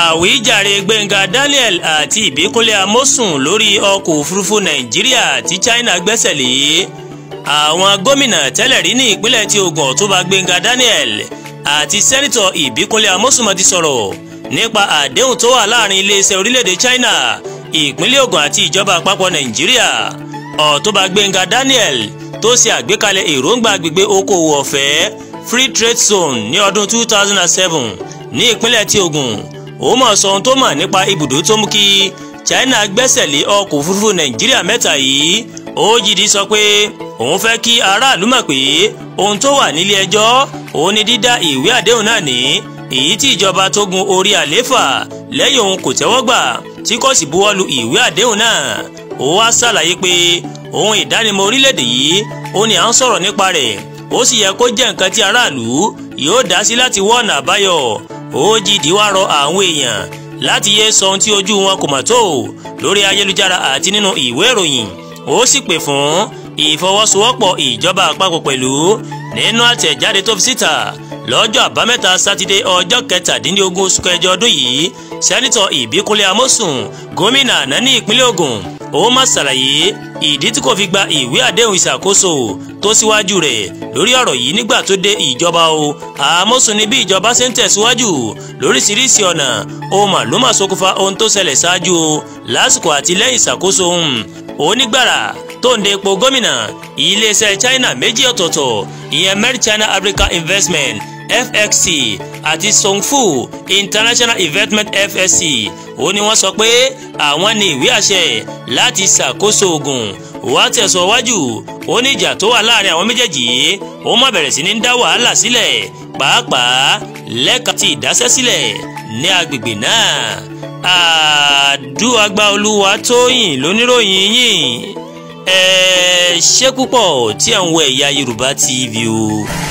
àwíjàre gbẹ̀ngà daniel àti ìbíkúnlé amósùn lórí ọkọ̀ òfurufú nàìjíríà tí china gbẹ́sẹ̀ lé àwọn gómìnà tẹ́lẹ̀ rí ní ìpínlẹ̀ tí Ògùn ọ̀túnba gbẹ̀ngà daniel àti sẹ́nitọ̀ ìbíkúnlé amósùn ma ti sọ̀rọ̀ nípa àdéhùn tó wà láàrin iléeṣẹ́ orílẹ̀-èdè china ìpínlẹ̀ Ògùn àti ìjọba àpapọ̀ nàìjíríà ọ̀túnba gbẹ̀ngà daniel tó ṣe àgbékalẹ̀ èròǹgbà agbègbè okòwò ọ̀fẹ́ free trade zone ní ọdún 2007 ní ìpínlẹ̀ tí Ògùn ó mọ̀ sọ ohun tó mọ̀ nípa ibùdó tó mú kí China gbẹ́sẹ̀ lé ọkọ̀ òfurufú Nàìjíríà mẹ́ta yìí Òjìdí sọ pé òun fẹ́ kí aráàlú mọ̀ pé ohun tó wà nílé ẹjọ́ òun ni dídá ìwé àdéhùn náà ní èyí tí ìjọba tó gun orí àléfà lẹ́yìn òun kò tẹ́wọ́gbà tí kò sì buwọ́lu ìwé àdéhùn náà ó wá ṣàlàyé pé ohun ìdánimọ̀ orílẹ̀-èdè yìí ó ní à ń sọ̀rọ̀ nípa rẹ̀ ó sì yẹ kó jẹ́ nǹkan tí aráàlú yóò dá sí láti wá ọ̀nà àbáyọ Òjìdí wá rọ àwọn èèyàn láti yé sọ ohun tí ojú wọn kò mọ̀ tó lórí ayélujára àti nínú ìwé ìròyìn ó sì pè fún ìfọwọ́sowọ́pọ̀ ìjọba àpapọ̀ pẹ̀lú nínú àtẹ̀jáde tó fi síta lọ́jọ́ àbámẹ́ta sátidé ọjọ́ kẹtàdínlógún oṣù kẹjọ ọdún yìí sẹ́nitọ̀ ìbíkúnlé amósùn gómìnà àná ìpínlẹ̀ Ògùn ó máa ṣàlàyé ìdí tí kò fi gba ìwé àdéhùn ìṣàkóso tó síwájú rẹ̀ lórí ọ̀rọ̀ yìí nígbà tó dé ìjọba o àmọ́sùn ni bí ìjọba ṣe ń tẹ̀síwájú lóríṣiríṣi ọ̀nà ohun màlúmà ṣokùnfà ohun tó ṣẹlẹ̀ ṣáájú lásìkò àti lẹ́yìn ìṣàkóso um, onígbàrà tó ń de epo gómìnà iléeṣẹ́ China méjì ọ̀tọ̀ọ̀tọ̀ ìyẹn Merck China Africa Investment fxc àti songfu international investment fsc ó ní wọ́n sọ pé àwọn ní ìwé àṣẹ láti ṣàkóso oògùn wàá tẹ̀sán wájú ó ní ìjà tó wà láàrin àwọn méjèèjì ó má bẹ̀rẹ̀ sí ní dá wàhálà sílẹ̀ pàápàá lẹ́ka ti ìdásẹ́ sílẹ̀ ní agbègbè náà àdúràgbà olúwa tóyìn lóníròyìn yìí ẹ ṣé púpọ̀ tí ẹ̀ ń wo Ẹ̀yà Yorùbá TV o.